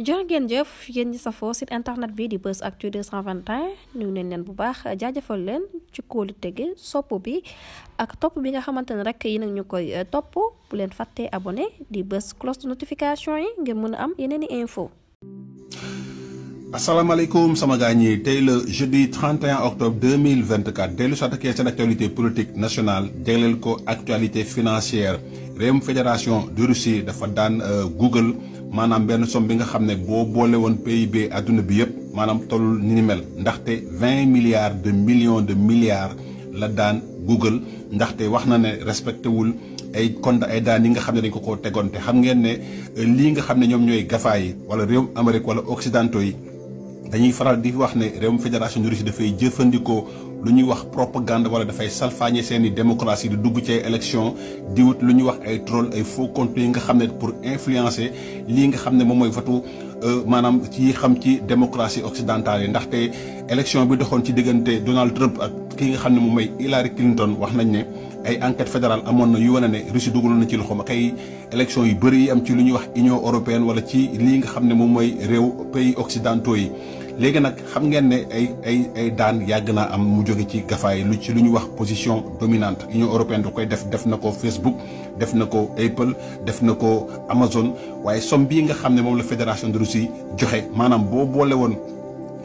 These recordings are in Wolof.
jërë ngeen jëf yéen ñi safoo site internet bi di Buzz Actu 221 ñu neen leen bu baax jaajafal leen ci kóolu tege sopp bi ak topp bi nga xamante ne rek yi nag ñu koy eh, topp bu leen fàttee abone di bës cloche de notification yi ngir mën a am yeneen i info asalaamaaleykum sama gaañ ñi tey le jeudi 31 octobre 2024 dellu si attaqué seen actualité politique nationale jagleel ko actualité financière mu fédération de Russie dafa daan eh, Google maanaam benn somme bi nga xam ne boo boole woon PIB àdduna bi yëpp maanaam tollul ni mel ndaxte vingt milliards de millions de milliards la daan Google ndaxte wax na ne respecté wul ay compte ay daan yi nga xam ne dañ ko koo tegoon te xam ngeen ne euh, lii nga xam ne ñoom ñooy gafaa yi wala réew Amérique wala Occidentaux yi dañuy faral di wax ne réew fédération de Russie dafay jëfandikoo. lu ñuy wax propagande wala dafay salfaañe seen i démocratie di dugg ci ay élection di wut lu ñu wax ay troll ay faux contenus yi nga xam ne pour influencer lii nga xam ne moom mooy votu euh, maanaam ci xam ci démocratie occidentale yi ndaxte élection bi doxoon ci diggante Donald Trump ak kii nga xam ne moom mooy Hillary Clinton wax nañ ne ay enquête fédérale amoon na yu wane ne Russie dugal na ci loxoom ak ay élection yu bëri yi am ci lu ñuy wax Union européenne wala ci lii nga xam ne moom mooy réew pays occidentaux yi léegi nag xam ngeen ne ay ay ay daan yàgg naa am mu jóge ci gafaay lu ci lu ñu wax position dominante union européenne da koy def def na ko Facebook def na ko Apple def na ko Amazon waaye somme bii nga xam ne moom la fédération de russi joxe maanaam boo boole woon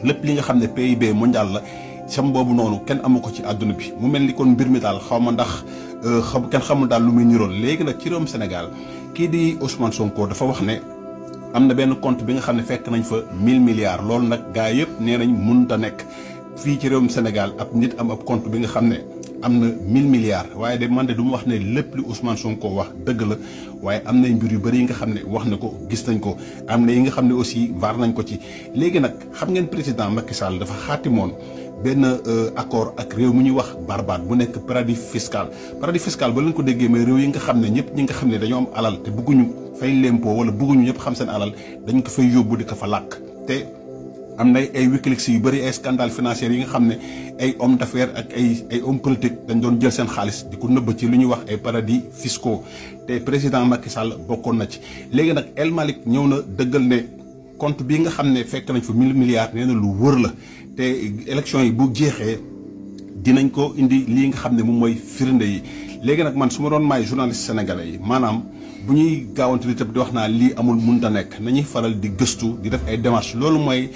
lépp li nga xam ne PIB mondial la sam boobu noonu kenn amu ko ci àdduna bi mu mel ni kon mbir mi daal xaw ma ndax euh, xam kenn xamul daal lu muy niroon léegi nag ci réewum Sénégal kii di Ousmane Sonko dafa wax ne. am na benn compte bi nga xam ne fekk nañ fa 1000 milliards loolu nag gaa yëpp nee nañ mënut ta nekk fii ci réewum Sénégal ab nit am ab compte bi nga xam ne am na 1000 milliards waaye de man de du wax ne lépp li Ousmane Sonko wax dëgg la waaye am nañ mbir yu bëri yi nga xam ne wax na ko gis nañ ko am na yi nga xam ne aussi war nañ ko ci léegi nag xam ngeen président Macky Sall dafa xaatimoon benn euh, accord ak réew mu ñuy wax Barbade bu nekk paradis fiscal paradis fiscal ba leen ko déggee mais réew yi nga xam ne ñëpp ñi nga xam ne dañoo am alal te bëgguñu fay l'impôt wala bëgguñu ñëpp xam seen alal dañ ko fay yóbbu di ko fa làkk te am na ay wikileaks yu bëri ay scandale financier yi nga xam ne ay homme d'affaires ak ay ay homme politique dañ doon jël seen xaalis di ko nëbb ci lu ñuy wax ay paradis fiscaux te président Macky Sall bokkoon na ci léegi nag El ñëw na dëggal ne compte bi nga xam ne fekk nañ fa mille milliards nee na lu wër la te élection yi bu jeexee dinañ ko indi lii nga xam ne moom mooy firnde yi léegi nag man su ma doon maay journaliste sénégalais yi maanaam bu ñuy gaawante li tamit di wax naa lii amul mun ta nekk nañuy faral di gëstu di def ay démarches loolu mooy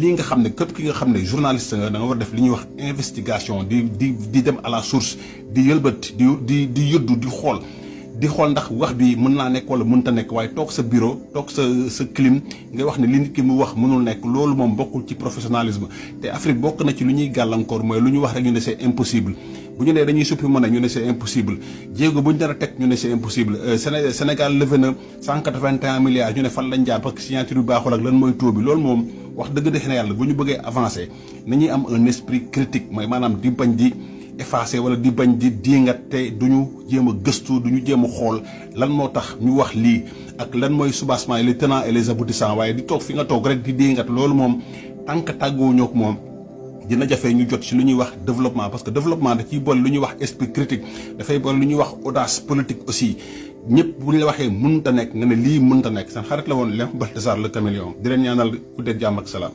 lii nga xam ne képp ki nga xam ne journaliste nga da nga war def li wax investigation di di di dem à la source di yëlbët di di di yëddu di xool di xool ndax wax bi mën naa nekk wala mënta nekk waaye toog sa bureau toog sa sa clim ngay wax ni li nit ki mu wax mënul nekk loolu moom bokkul ci professionnalisme te Afrique bokk na ci lu ñuy gàllankoor mooy lu ñu wax rek ñu ne c'est impossible bu ñu nee dañuy suppi mën a ñu ne c'est impossible jéego bu ñu dara teg ñu ne c'est impossible euh, Sénégal levé na cent quatre vingt milliards ñu ne fan lañ jaar parce que signature bi baaxul ak lan mooy taux bi loolu moom wax dëgg defe na bu ñu bëggee avancer nañuy am un esprit critique mooy maanaam di bañ effacé wala di bañ di diingat te du ñu jéem a gëstu du ñu jéem a xool lan moo tax ñu wax lii ak lan mooy soubassement les tenants et les aboutissants waaye di toog fi nga toog rek di diingat loolu moom tant que tàggoo ñoo ko moom. dina jafe ñu jot ci lu ñuy wax développement parce que développement da ciy boole lu ñuy wax esprit critique dafay boole lu ñuy wax audace politique aussi ñëpp bu ñu la waxee ta nekk nga ne lii mun ta nekk seen xarit la woon Léon Baltasar le caméléon di leen ñaanal